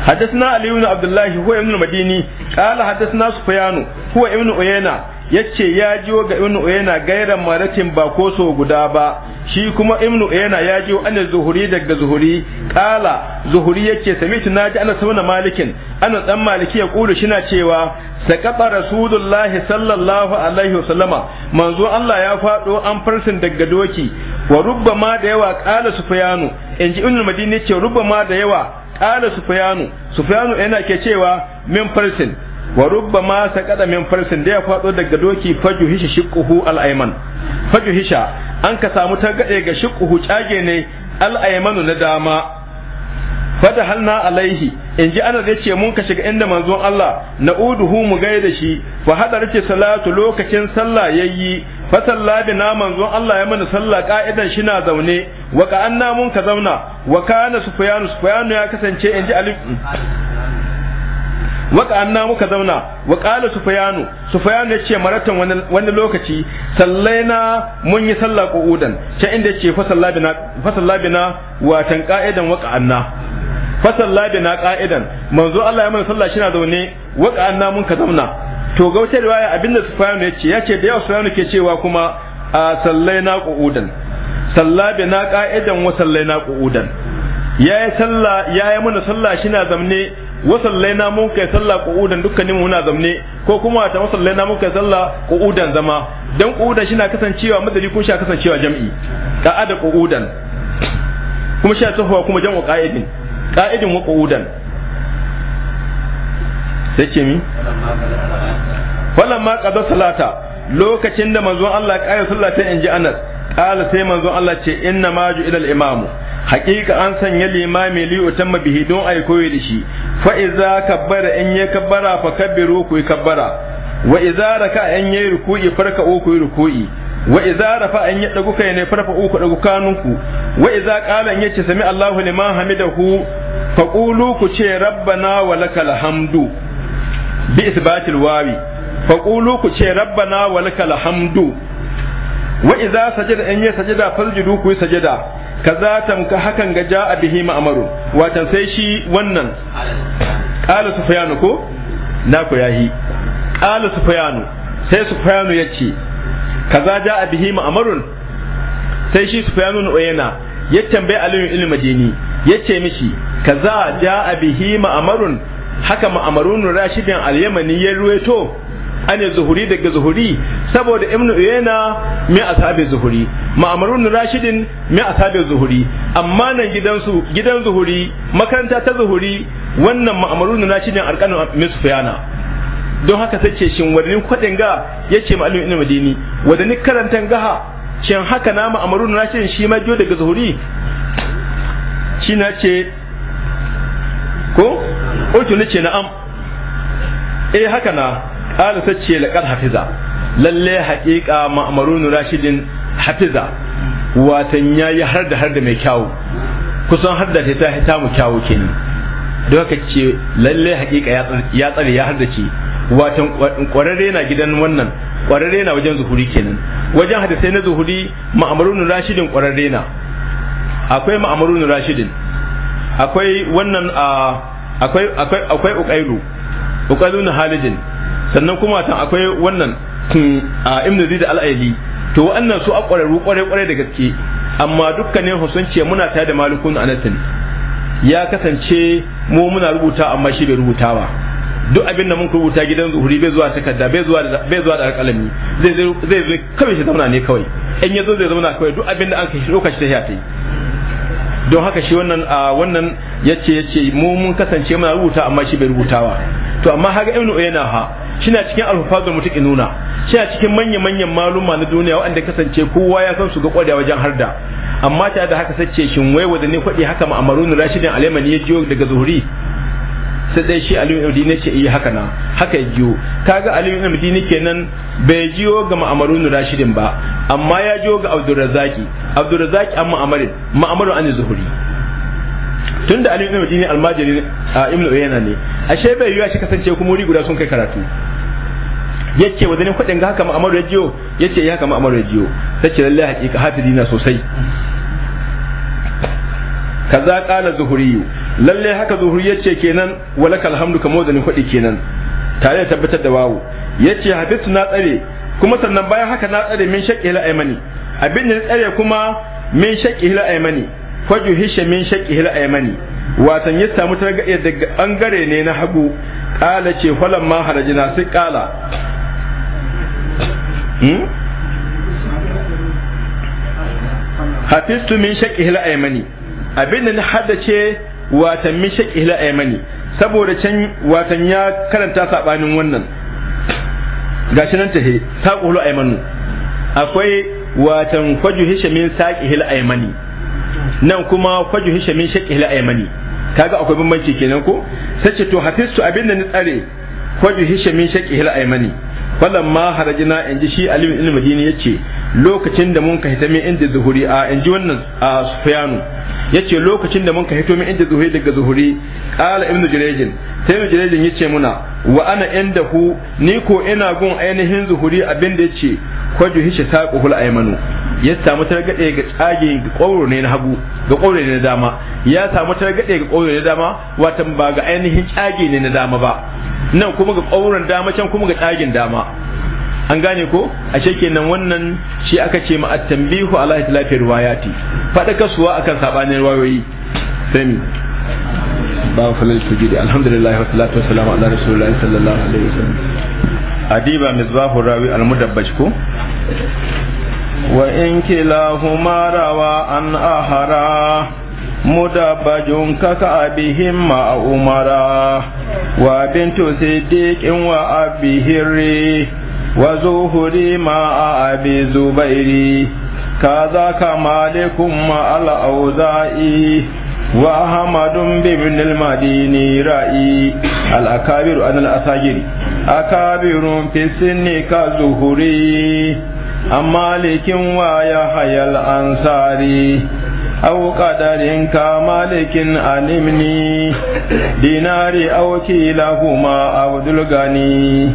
حدثنا علي بن عبد الله هو ابن المديني قال حدثنا سفيان هو ابن عيينة yace ya jiwo ga ibnu uyayna gairan maratin ba ko so guda ba shi kuma ibnu uyayna ya jiwo an zuhuri daga zuhuri kala zuhuri yace sami'tu naji ana sunna malikin ana dan maliki ya kulu shina cewa saqata rasulullahi sallallahu alaihi wasallama manzo Allah ya fado an farsin daga doki wa rubbama da yawa kala sufyanu inji ibnu madini ce rubbama da yawa kala sufyanu sufyanu yana ke cewa min farsin wa rubbama kada min farsin da ya fado daga doki faju hisha shiqquhu al-ayman faju hisha an ka samu tagade ga shiqquhu cage ne al-aymanu na dama fada halna alaihi in ji ana da ce mun ka shiga inda manzon Allah na uduhu mu da shi fa rike salatu lokacin sallah yayi fa sallabi na manzon Allah ya mana sallah ka'idan shi na zaune wa ka anna mun ka zauna wa kana sufyanu sufyanu ya kasance in ji alif waka anna muka zauna wa qala sufyanu sufyanu yace maratan wani lokaci sallaina mun yi sallah qu'udan ta inda yace fa sallabina fa sallabina wa tan qa'idan waka anna fa sallabina qa'idan manzo Allah ya mana sallah shi na zaune waka anna mun ka zauna to ga wata riwaya abinda sufyanu yace yace da yawa sufyanu ke cewa kuma a sallaina qu'udan sallabina qa'idan wa sallaina qu'udan yayi sallah yayi mana sallah shi na zamne Wasallai na mun kai sallah qu'udan dukkanin mu muna zamne ko kuma ta na mun kai sallah qu'udan zama dan qu'udan shi na kasancewa madari ko shi kasancewa jam'i qa'ada qu'udan kuma shi tafawa kuma jam'u qa'idin qa'idin wa qu'udan sai ce mi falamma qada salata lokacin da manzon Allah ya sallah ta inji Anas qala sai manzo Allah ce inna ma ju ilal imamu haqiqa an sanya limami li utamma bihi don ay koyi da shi fa iza kabbara in ya kabbara fa kabbiru ku kabbara wa iza raka in yayi ruku'i farka ku ruku'i wa idza rafa ya dagu kai ne farfa uku dagu kanunku wa idza qala ya yace sami Allahu liman hamidahu fa qulu ku ce rabbana wa lakal hamdu bi isbatil wawi fa qulu ku ce rabbana wa lakal hamdu wa idza sajada an ya sajada faljudu ku sajada kaza tamka hakan ga ja'a bihi ma'amaru watan sai shi wannan qala sufyanu ko na ku yahi qala sufyanu sai sufyanu yace kaza ja'a bihi ma'amarun sai shi sufyanu uyana ya tambaye aliyu ilmi dini yace mishi kaza ja'a bihi ma'amarun haka ma'amarun rashidin al-yamani ya ruwaito ane zuhuri daga zuhuri saboda ibnu uyayna mai asabe zuhuri ma'amarun rashidin mai asabe zuhuri amma nan gidansu gidan zuhuri makaranta ta zuhuri wannan ma'amarun rashidin arkanu mai sufyana don haka sai ce shin wadannin kwadin ga yace ma'allim ibnu madini wadannin karantan gaha shin haka na ma'amarun rashidin shi ma biyo daga zuhuri shi na ce ko ƙultu ce am eh haka na qala sace laqad hafiza lalle haqiqa ma'marun rashidin hafiza watan yayi har da har da mai kyawu kusan har da ta ta mu kyawu kenan da haka ce lalle haqiqa ya tsare ya har da ce watan kwararre na gidan wannan kwararre na wajen zuhuri kenan wajen sai na zuhuri ma'amarun rashidin kwararre na akwai ma'amarun rashidin akwai wannan akwai akwai akwai ukailu ukailu na halidin. sannan kuma tan akwai wannan hmm, a ibn zid al-aili to wannan su a ƙwararru ƙwarai da gaske amma dukkanin husun ce muna tare da malikun anatin ya kasance mu muna rubuta amma shi bai rubuta ba duk abin da mun rubuta gidan zuhuri bai zuwa takarda bai zuwa bai zuwa da alƙalami zai zai zai kawai shi zauna ne kawai in yazo zai zauna kawai duk abin da an kai shi lokaci ta yi don haka shi wannan a wannan yace yace mu mun kasance muna rubuta amma shi bai rubuta ba to amma haga ibnu yana ha shina cikin alfazul nuna shina cikin manya-manyan maluma na duniya waɗanda kasance kowa ya san su ga kwada wajen harda amma ta da haka sace shin wai wanda ne kwadi haka ma'amarun rashidin alaimani ya jiyo daga zuhuri sai dai shi aliyu ibn ne ce yi eh, haka na haka ya jiyo kaga aliyu ibn ne kenan bai jiyo ga ma'amarun rashidin ba amma ya jiyo ga abdurrazzaki abdurrazzaki amma amarin ma'amarin an zuhuri tunda Ali ibn Madini almajiri a Ibn Uyayna ne ashe bai yiwa shi kasance kuma wuri guda sun kai karatu yace wa zanin kudin ga haka Muhammadu ya jiyo yace ya haka Muhammadu ya jiyo sace lalle hakika na sosai kaza qala zuhuri lalle haka zuhuri yace kenan walakal hamdu kamo zanin kudi kenan tare da tabbatar da wawu yace hafizu na tsare kuma sannan bayan haka na tsare min shaqqi ila aymani abin da tsare kuma min shaqqi ila aymani faju hisha min hil aymani watan ya samu targaɗe daga bangare ne na hagu kala ce falan ma harajina sai kala hmm? hafistu min hil aymani abin da na haddace watan min hil aymani saboda can watan ya karanta sabanin wannan gashi nan ta ta taqulu aymanu akwai watan faju hisha min hil aymani nan kuma kwaju hisha min shaqi hil'a aymani kaga akwai bambanci kenan ko sace to hafistu abinda ni tsare kwaju hisha min shaqi hil'a aymani falan ma harajina in ji shi alim ibn madini yace lokacin da mun ka hita min inda zuhuri a in ji wannan a sufyanu Yace lokacin da mun ka hito min inda zuhuri daga zuhuri qala ibn jirejin sai ibn jirejin ya ce muna wa ana inda hu ni ko ina gun ainihin zuhuri abin da kwaju hisha kwajuhishe saƙuhul aimanu ya samu targaɗe ga tsage ga ƙwauro ne na hagu ga ƙwauro ne na dama ya samu targaɗe ga ƙwauro ne na dama watan ba ga ainihin tsage ne na dama ba nan kuma ga ƙwauron dama can kuma ga tsagen dama an gane ko ashe nan wannan shi aka ce ma at-tanbihu ala itlafi riwayati fada kasuwa akan sabanin riwayoyi mi ba falal tujidi alhamdulillah wa salatu wa salam ala rasulillah sallallahu alaihi wasallam adiba mizbahu rawi al-mudabbash ko وإن كلاهما روى أن أهرا مدبج ككأبهما أمرا وبنت صديق وأبي هري وزهري مع أبي زبير كذاك مالك مع الأوزاء وأحمد بابن المديني رأي الأكابر أن الأساجري أكابر في السن كزهري عن مالك ويحيى الأنصاري أو قدر كمالك علمني دينار أو كيلهما أو دلغني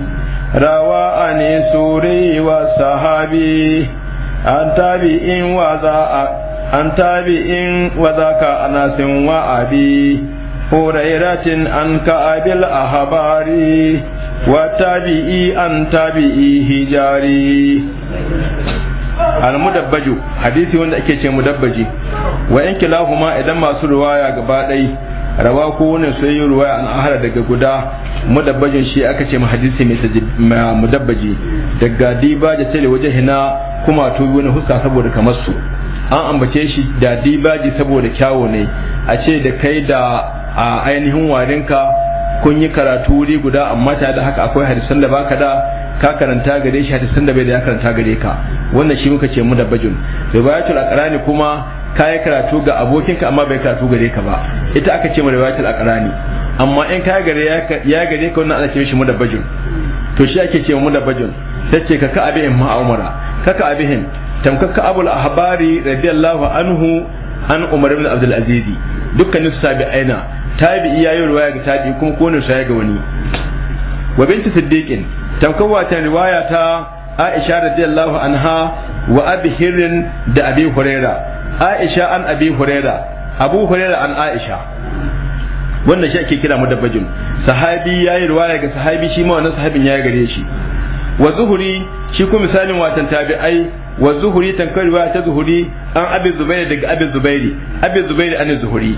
روى عن سوري والصحابي عن إن وذاك أناس وأبي هريرة عن كعب الأحبار وتابئي عن تابئي هجاري al-mudabbaju hadisi wanda ake ce mudabbaji wa in kilahuma idan masu ruwaya gaba dai rawa ko wani sun yi ruwaya an ahara daga guda mudabbajin shi aka ce mu hadisi mai mudabbaji daga diba da tare waje hina kuma to wani huska saboda kamar su an ambace shi da ji saboda kyawo ne a ce da kai da a ainihin warinka kun yi karatu wuri guda amma ta da haka akwai hadisan da baka da ka karanta gare shi hadisan da bai da ya karanta gare ka wannan shi muka ce mu da bajin riwayatul aqrani kuma ka yi karatu ga abokinka amma bai karatu gare ka ba ita aka ce mu riwayatul aqrani amma in ka gare ya gare ka wannan ana ce shi mu da bajin to shi ake ce mu da bajul tace ka ka abin ma umara ka ka abin tamkaka abul ahbari radiyallahu anhu an umar ibn abdul azizi dukkanin su sabi aina tabi'i yi ruwaya ga tabi kuma kone shi ga wani wa binti siddiqin tamkawa ta riwaya ta Aisha radiyallahu anha wa Abi hirin da Abi Huraira Aisha an Abi Huraira Abu Huraira an Aisha wannan shi ake kira mudabbajin sahabi yayi ruwaya ga sahabi shi ma wannan sahabin ya gare shi wa zuhuri shi kuma misalin watan tabi'ai wa zuhuri tankar ruwaya ta zuhuri an abi zubairi daga abi zubairi abi zubairi an zuhuri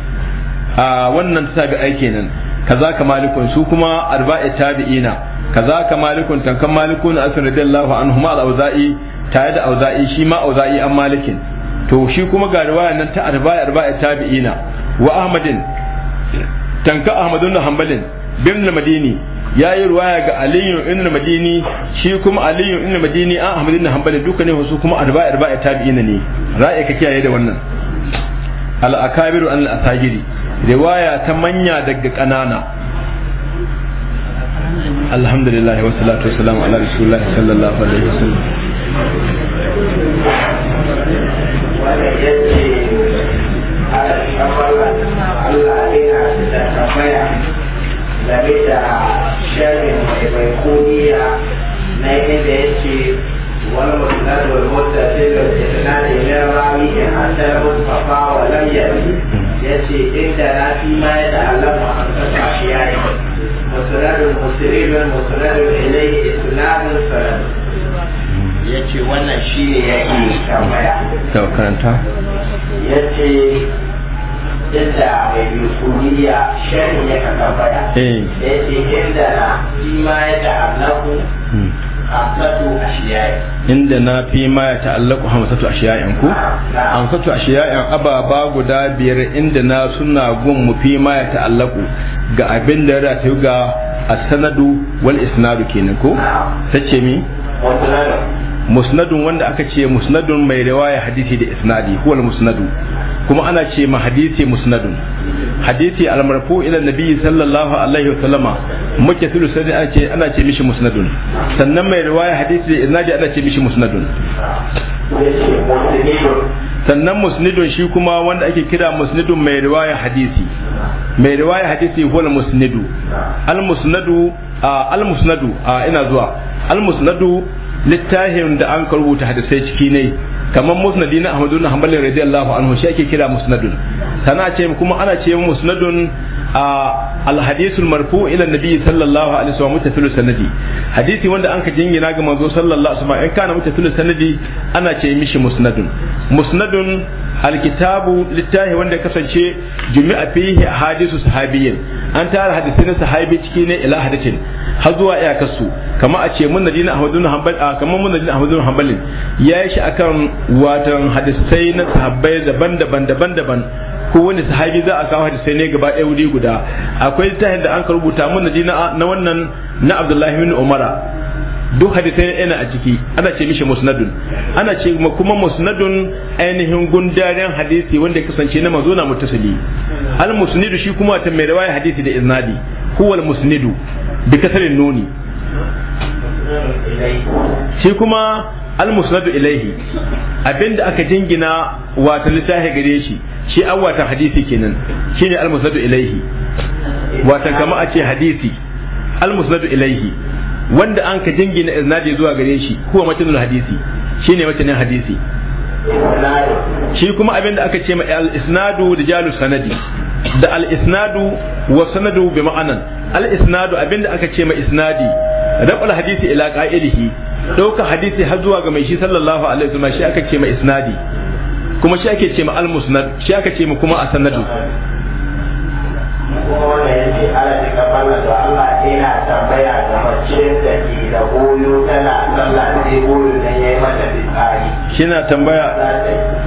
wannan tabi'ai kenan kaza ka malikun su kuma arba'i tabi'ina kaza ka malikun tankan malikun asr radiyallahu anhu ma al-auza'i tare da auza'i shi ma auza'i an malikin to shi kuma ga riwaya nan ta arba'i arba'i tabi'ina wa ahmadin tanka ahmadun hanbalin bin madini ya yi ruwaya ga aliyu ibn madini shi kuma aliyu ibn madini an Ahmadin da hanbalin duka ne su kuma arba'i arba'i tabi'ina ne ra'ayi ka kiyaye da wannan al akabiru an asagiri riwaya ta manya daga ƙanana alhamdulillah wa salatu wa salam ala rasulullah sallallahu alaihi wasallam game da shirin mai mai kuniya na inda ya ce wani mutum na da wani mota sai da wani tattalin da ya rami in an mutu fafa wa lamyar ce inda na fi ma ya ta'allama an kasa shi ya yi musuladun musulibin musuladun ilai isnadun salam ya ce wannan shi ne ya yi tambaya da karanta ya ce inda mai yusuriya shirin ya ka tambaya eh. ya ce inda na fi ma ya ta'allaku inda na fi ma ya ta'allaku hamsatu ashiya'in ku hamsatu ashiya'in ababa guda biyar inda na suna gun mu fi ma ya ta'allaku ga abin da ya ga as-sanadu wal isnadu kenan ko tace mi musnadun wanda aka ce musnadun mai riwaya hadisi da isnadi huwa musnadu kuma ana ce ma hadisi musnadun hadisi almarfu ila nabi sallallahu alaihi wasallama muke sulu sai ana ce ana ce mishi musnadun sannan mai riwaya hadisi da isnadi ana ce mishi musnadun sannan musnidun shi kuma wanda ake kira musnidun mai riwaya hadisi mai riwaya hadisi huwa musnidu al musnadu al musnadu ina zuwa al musnadu littahin da an rubuta hadisai ciki ne kamar musnadi na ahmadu na hanbalin radiyallahu anhu shi ake kira musnadun tana ce kuma ana ce musnadun a alhadisul marfu ila nabi sallallahu alaihi wasallam mutafilu sanadi hadisi wanda anka jingina ga manzo sallallahu alaihi wasallam in kana mutafilu sanadi ana ce mishi musnadun musnadun alkitabu littahi wanda ya kasance jumi'a fihi hadisu sahabiyin an tara hadisi na sahabi ciki ne ila hadisin har zuwa iyakar su kamar a ce mun ahmadu ahmadun hanbal kamar mun ahmadu ahmadun hanbal ya yi shi akan watan hadisai na sahabbai daban-daban daban-daban ko wani sahabi za a kawo hadisai ne gaba ɗaya wuri guda akwai littafin da an ka rubuta mun dina na wannan na Abdullahi bin Umara duk hadisai yana a ciki ana ce mishi musnadun ana ce kuma musnadun ainihin gundaren hadisi wanda kasance na mazuna muttasili al musnidu shi kuma ta mai riwaya hadisi da iznadi huwa al-musnidu bi kasrin nuni shi kuma al-musnadu ilaihi abinda aka jingina wata littafi gare shi shi an wata hadisi kenan shine al-musnadu ilaihi wata kama a ce hadisi al-musnadu ilaihi wanda an ka jingina iznadi zuwa gare shi huwa matinul hadisi shine matanin hadisi shi kuma abinda aka ce ma al-isnadu rijalus sanadi da al-isnadu wa sanadu bi ma'anan al-isnadu abinda aka ce ma isnadi rabal hadisi ila qa'ilihi dauka hadisi har zuwa ga mai shi sallallahu alaihi wasallam shi aka ce ma isnadi kuma shi ake ce ma al-musnad shi aka ce ma kuma as-sanadu Shina tambaya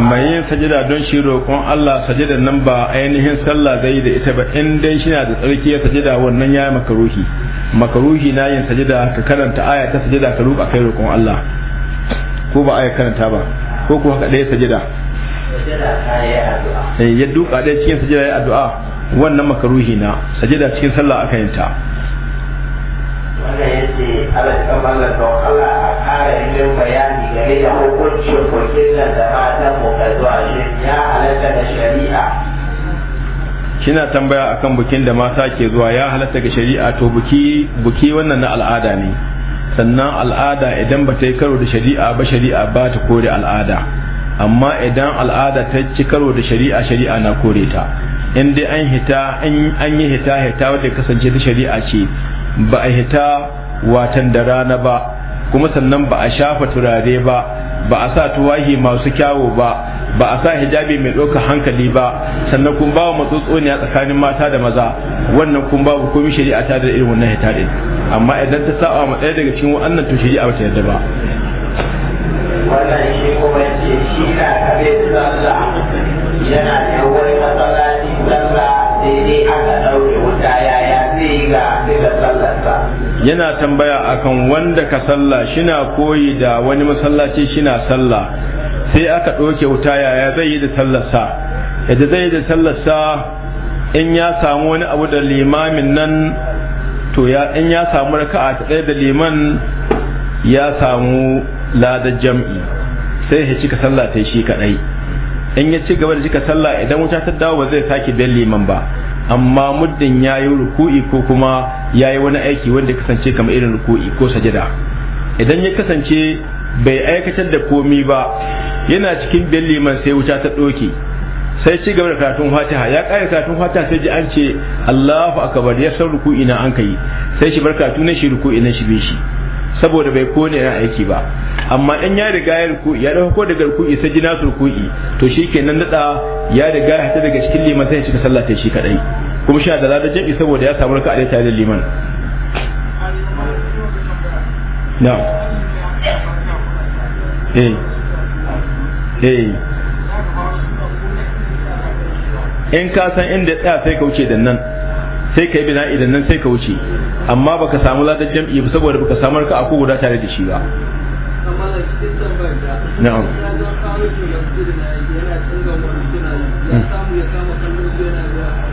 mai yin sajada don shi roƙon Allah sajada nan ba ainihin sallah zai da ita ba in dai shi da tsarki ya sajada wannan ya makaruhi makaruhi na yin sajada ka karanta aya ta sajada ka roƙa kai roƙon Allah ko ba aya karanta ba ko ko haka ɗaya sajada eh, ya duka ɗaya cikin sajada ya addu'a wannan makaruhi na sajada cikin sallah aka yin ta suka yi ce ala ta mallar da kala a kara yin bayani game da hukuncin wakilin da matan mu zuwa shi ya halatta da shari'a kina tambaya akan bukin da mata ke zuwa ya halatta ga shari'a to buki buki wannan na al'ada ne sannan al'ada idan ba ta yi karo da shari'a ba shari'a ba ta kore al'ada amma idan al'ada ta ci karo da shari'a shari'a na kore ta in dai an hita an yi hita hita wadda kasance ta shari'a ce ba a hita watan da rana ba kuma sannan ba a shafa turare ba ba a sa tuwahi masu kyawo ba ba a sa hijabi mai ɗauka hankali ba sannan kun ba wa a tsakanin mata da maza wannan kun babu komi shari'a ta da irin wannan hita din amma idan ta sa'a ma ɗaya daga cikin wannan to shari'a ba ta yarda ba wannan shi kuma shi na kabe zuwa Allah yana yana tambaya akan wanda ka sallah shina koyi da wani masallaci shina sallah sai aka ɗauke wuta yaya zai yi da sallarsa yadda zai yi da sallarsa in ya samu wani abu da limamin nan to ya in ya samu raka'a ta ɗaya da liman ya samu lada jam'i sai ya cika sallah ta shi kadai in ya ci gaba da cika sallah idan wuta ta dawo ba zai sake bin liman ba amma muddin ya yi ruku'i ko kuma Ya yi wani aiki wanda kasance kamar irin ruku'i ko sajada idan ya kasance bai aikatar da komi ba yana cikin bin liman sai wuta ta doke sai ci gaba da karatun fatiha ya ƙara karatun fatiha sai ji an ce Allahu akbar ya san ruku'i na an kai sai shi bar karatu na shi ruku'i na shi shi saboda bai kone na aiki ba amma in ya riga ya ruku'i ya dauko daga ruku'i sai ji na ruku'i to shikenan nada ya riga ya hata daga cikin liman sai ya cika sallah ta shi kadai kuma sha da ladar jam'i saboda ya samu raka'a tare da liman na eh eh in ka san inda tsaya sai ka wuce da nan sai ka yi bina idan nan sai ka wuce amma baka samu ladar jam'i saboda baka samu raka'a ko guda tare da shi ba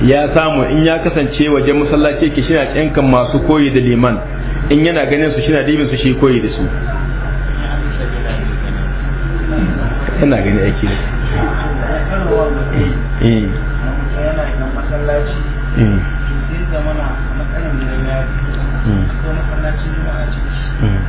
ya samu in ya kasance wajen masallaci ki na kyankan masu koyi da liman in yana ganin su shina dibin su shi koyi da su yana gani aiki da su eh. eh. eh.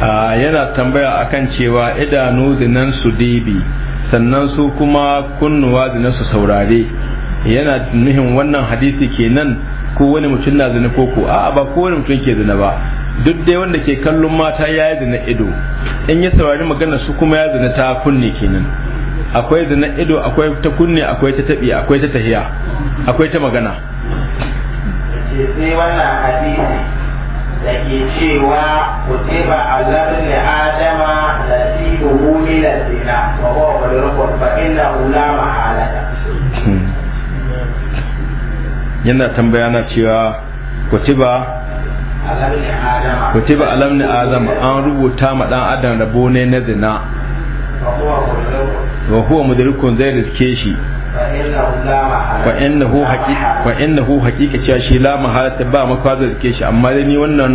Ah, yana tambaya akan cewa idanu zinan su dibi sannan su kuma kunnuwa zinan su saurare yana nuhin wannan hadisi kenan ko wani mutum na zina ko ko a'a ba ko wani mutum ke zina ba duk dai wanda ke kallon mata ya yi zina ido in ya saurari magana su kuma ya zina ta kunne kenan akwai zina ido akwai ta kunne akwai ta tabi akwai ta tahiya akwai ta magana sai wannan hadisi da ke cewa kutiba allar da adama na sibu na zina wa huwa balirukun fa inna hula mahalata yana tambaya na cewa kutiba kutiba alam ni azama an rubuta ma dan adam rabo ne na zina wa huwa mudrikun zai riske shi fa innahu hu haqiqa cewa shi la mahalata ba makwazo da ke shi amma dai ni wannan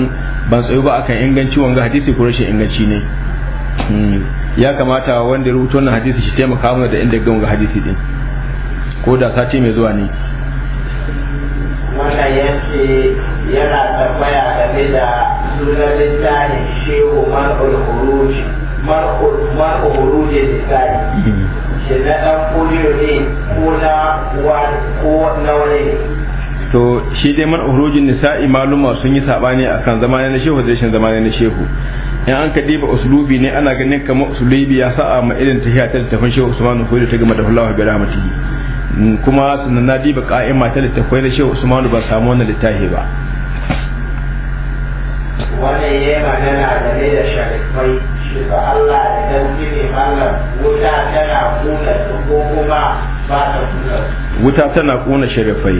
ban tsayo ba akan inganci wanga hadisi ko rashin inganci ne hmm. ya kamata wanda rubuta wannan hadisi shi taimaka mana da inda ga hadisi din ko da sati mai zuwa ne wannan yana tambaya game da sunan tarihi shehu mar'ul huruji mar'ul na ne ko na ko to shi dai man urujin nisa'i maluma sun yi sabani akan zama na shehu da rashin zama na shehu in an ka diba uslubi ne ana ganin kamar uslubi ya sa'a ma irin tahiya ta littafin shehu usman ko da ta gama da Allah bi rahmatihi mm, kuma sunan na diba qa'ima ta littafai na shehu usmanu ba samu wannan littafi ba wannan yayi magana game da sharifai shi Allah da gaske ne wuta tana kuna ko kuma ba ta kuna wuta tana kuna sharafai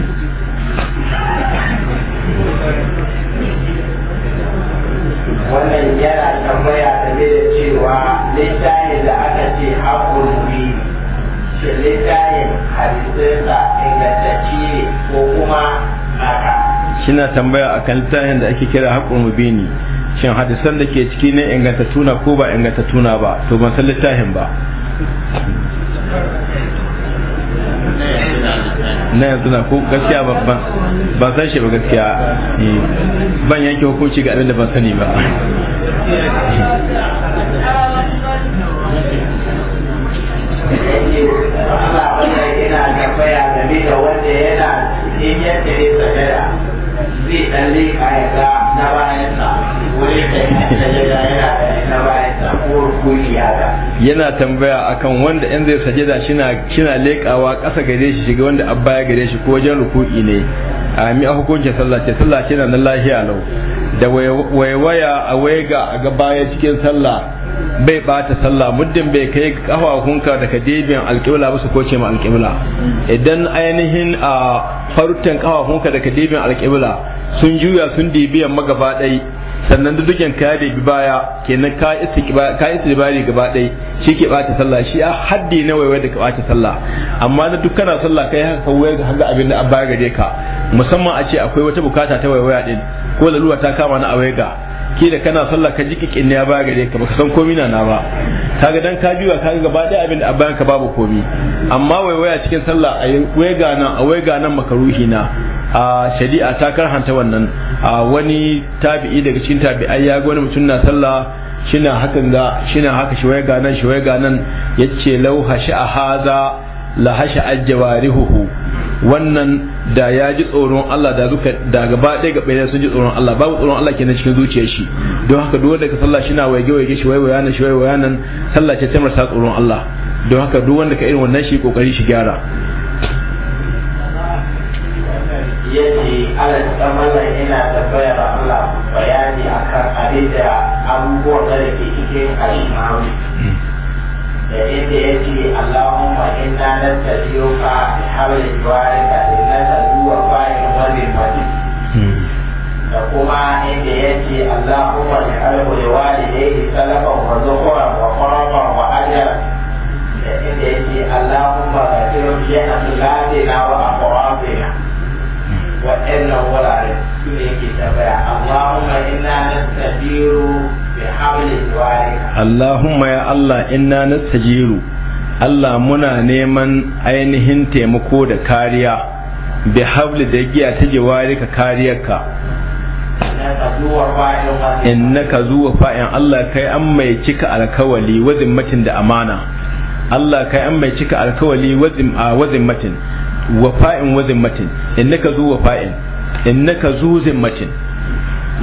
wannan yana tambaya game da cewa littafin da aka ce haƙon wi shi littafin hadisinsa ingantacce ko kuma maka kina tambaya akan littafin da ake kira haƙƙul mubini shin hadisan da ke ciki ne inganta tuna ko ba inganta tuna ba to ban san littafin ba na yanzu na ko gaskiya babban ban san shi ba gaskiya ban yanke hukunci ga abin da ban sani ba yana da wanda yana in yadda ne zai dan leka ya ga na bayansa wurin da sajada yana na bayansa ko rukuni ya ga yana tambaya akan wanda in zai sajada shina kina lekawa ƙasa gare shi shiga wanda abba ya gare shi ko wajen ruku'i ne a mi a hukuncin sallah ce sallah ce na lahiya lau da waiwaya a waiga a gaba ya cikin sallah bai bata sallah muddin bai kai kafafunka daga debiyan alƙibla ba su koce ma alƙibla idan ainihin a farutan kafafunka daga debiyan alƙibla sun juya sun dibiyan magaba ɗai sannan dukkan ka da bi baya kenan ka isa istibari gaba ɗai shi ke ɓata sallah shi a haddi na waiwai da ka ɓata sallah amma na duk kana sallah kai haka ga hanga abin da an baya gare ka musamman a ce akwai wata bukata ta waiwaya din ko laluwa ta kama na awai ga ke da kana sallah ka ji kikin ya baya gare ka baka san komi na na ba kaga dan ka juya kaga gaba ɗaya abin da bayan ka babu komi amma waiwaya cikin sallah a waiga nan a waiga nan makaruhi na a shari'a ta karhanta wannan a wani tabi'i daga cikin tabi'ai ya ga wani mutum na sallah shina hakan ga shina haka shi waya ganan shi waya ganan yace law a haza la hasha ajwarihu wannan da ya ji tsoron Allah da zuka da gaba ɗaya ga ɓaya sun ji tsoron Allah babu tsoron Allah kenan cikin zuciyar shi don haka duk wanda ka sallah shi na waige waige shi waiwaya nan shi waiwaya nan sallah ce ta marasa tsoron Allah don haka duk wanda ka irin wannan shi kokari shi gyara yace ala tsamalan yana tambayar Allah bayani akan abin da abubuwan da ke cikin al'imamu da inda ya ce Allahumma inna nasta'inuka bi hablil baraka innaka huwa bayin wani matin da kuma inda ya ce Allahumma ij'alhu li walidayhi salafan wa zuhuran wa qaraban wa ajran da inda ya ce Allahumma ghfir lana dhunubanana wa waɗannan wurare su ne ke tambaya Allahumma inna nastajiru bi hablin jiwarika Allahumma ya Allah inna nastajiru Allah muna neman ainihin taimako da kariya bi habli da giya ta jiwarika kariyarka innaka zuwa fa'in Allah kai an mai cika alkawali wazin matin da amana Allah kai an mai cika alkawali wazin matin wafa'in wa zimmatin innaka zu wafa'in innaka zu matin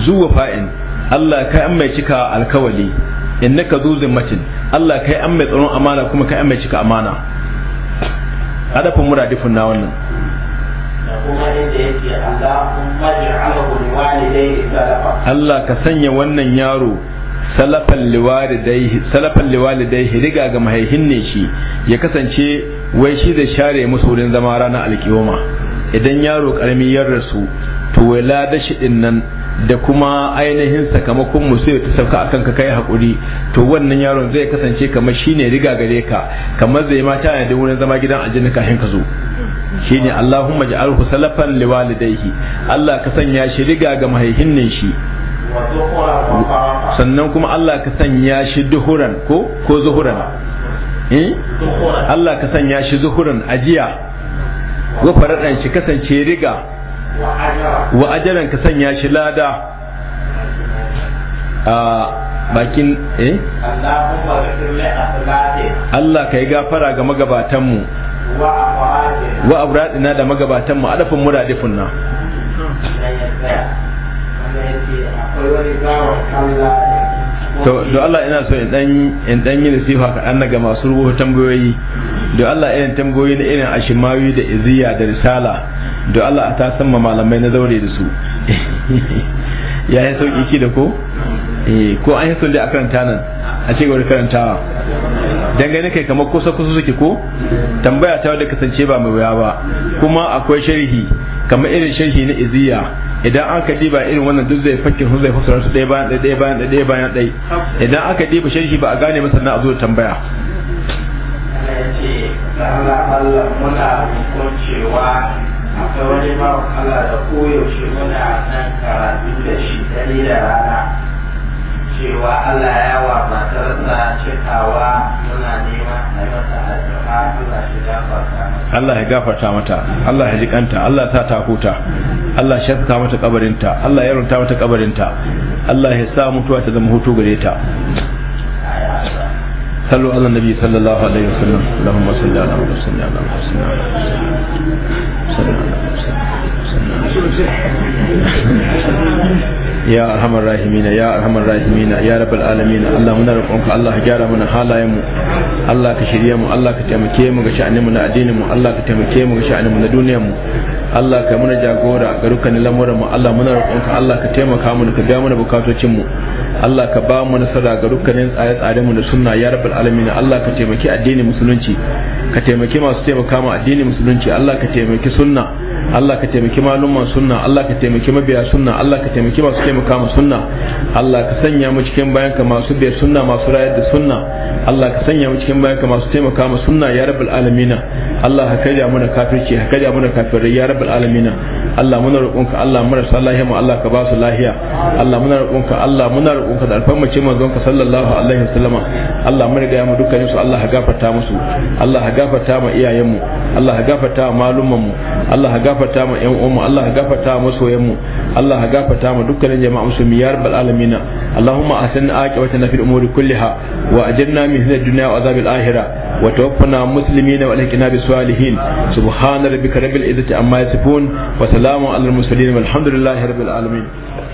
zu wafa'in Allah kai an mai cika alkawali innaka zu matin Allah kai an mai tsaron amana kuma kai an mai cika amana adafin muradifin na wannan Allah ka sanya wannan yaro salafan liwalidaihi riga ga mahaihin ne shi ya kasance wai shi da share musu wurin zama ranar alkiyoma idan yaro karami ya rasu to wai lada shi din nan da kuma ainihin sakamakon musu ya sauka akan ka kai hakuri to wannan yaron zai kasance kamar shine riga gare ka kamar zai mata yana da wurin zama gidan aljanna kafin ka zo shine Allahumma ja'alhu salafan liwalidaihi Allah ka sanya shi riga ga mahaihin ne shi sannan kuma Allah ka sanya shi duhuran ko ko zuhuran eh? Allah ka sanya shi zuhuran ajiya gwafaraɗan shi kasance riga wa ajaran ka sanya shi lada a bakin eh Allah ka yi gafara ga magabatanmu wa abradina da magabatanmu adafin muradifin na to do Allah ina so in dan in dan yi nasiha kaɗan ga masu rubuta tambayoyi do Allah irin tambayoyi na irin ashimawi da iziya da risala do Allah ta san ma malamai na zaure da su ya yi sauki ki da ko eh ko an yi sulli a karanta nan a ce gaba karantawa dangane kai kamar kusa kusa suke ko tambaya ta wadda kasance ba mai wuya ba kuma akwai sharhi kamar irin sharhi na iziya idan aka diba irin wannan duk zai fakir su zai fassara su ɗaya bayan ɗaya bayan ɗaya bayan ɗaya idan aka diba sharhi ba a gane masa na a zo tambaya muna cewa akwai wani bawan Allah da koyaushe muna nan karatu da shi dare da rana cewa Allah ya wa matarsa cikawa muna neman a mata addu'a Allah shi gafarta Allah ya gafarta mata Allah ya jikanta Allah sa ta huta Allah ya shafka mata kabarinta Allah ya runta mata kabarinta Allah ya sa mutuwa ta zama hutu gare ta Sallu ala nabi sallallahu alaihi wasallam Allahumma salli ala Muhammad sallallahu alaihi wasallam ya arhamar rahimina ya arhamar rahimina ya rabbal alamin Allah muna roƙonka Allah gyara mana halayen mu Allah ka shirye mu Allah ka taimake mu ga na addinin Allah ka taimake mu ga na duniyar Allah ka muna jagora ga dukkanin lamuran mu Allah muna roƙonka Allah ka taimaka mu ka ga mana bukatocin mu Allah ka ba mu nasara ga dukkanin tsare-tsaren mu sunna ya rabbal alamin Allah ka taimaki addinin musulunci ka taimaki masu taimaka mu addinin musulunci Allah ka taimaki sunna Allah ka taimaki malumman sunna Allah ka taimaki mabiya sunna Allah ka taimaki masu taimaka ma sunna Allah ka sanya mu cikin bayan ka masu biya sunna masu rayar da sunna Allah ka sanya mu cikin bayan ka masu taimaka ma sunna ya rabbul alamina Allah ka kaja mu da kafirci ka kaja mu da kafirai ya rabbul alamina Allah muna roƙonka Allah marasa lahiya mu Allah ka ba su lahiya Allah muna roƙonka Allah muna roƙonka da alfarma ce manzonka sallallahu alaihi wasallama Allah mu riga mu dukkanin su Allah ka gafarta musu Allah ka gafarta ma iyayen mu Allah ka gafarta ma malumman mu Allah ka gafarta ma ƴan uwan mu Allah ka gafarta ma masoyan mu Allah ka gafarta ma dukkanin jama'a musulmi ya rabbal alamin Allahumma ahsin aqibatana fil umuri kulliha wa ajirna min hinad dunya wa azabil akhirah wa tawaffana muslimina wa alhaqina bis subhana rabbika rabbil izzati amma yasifun wa salamun alal mursalin walhamdulillahi rabbil alamin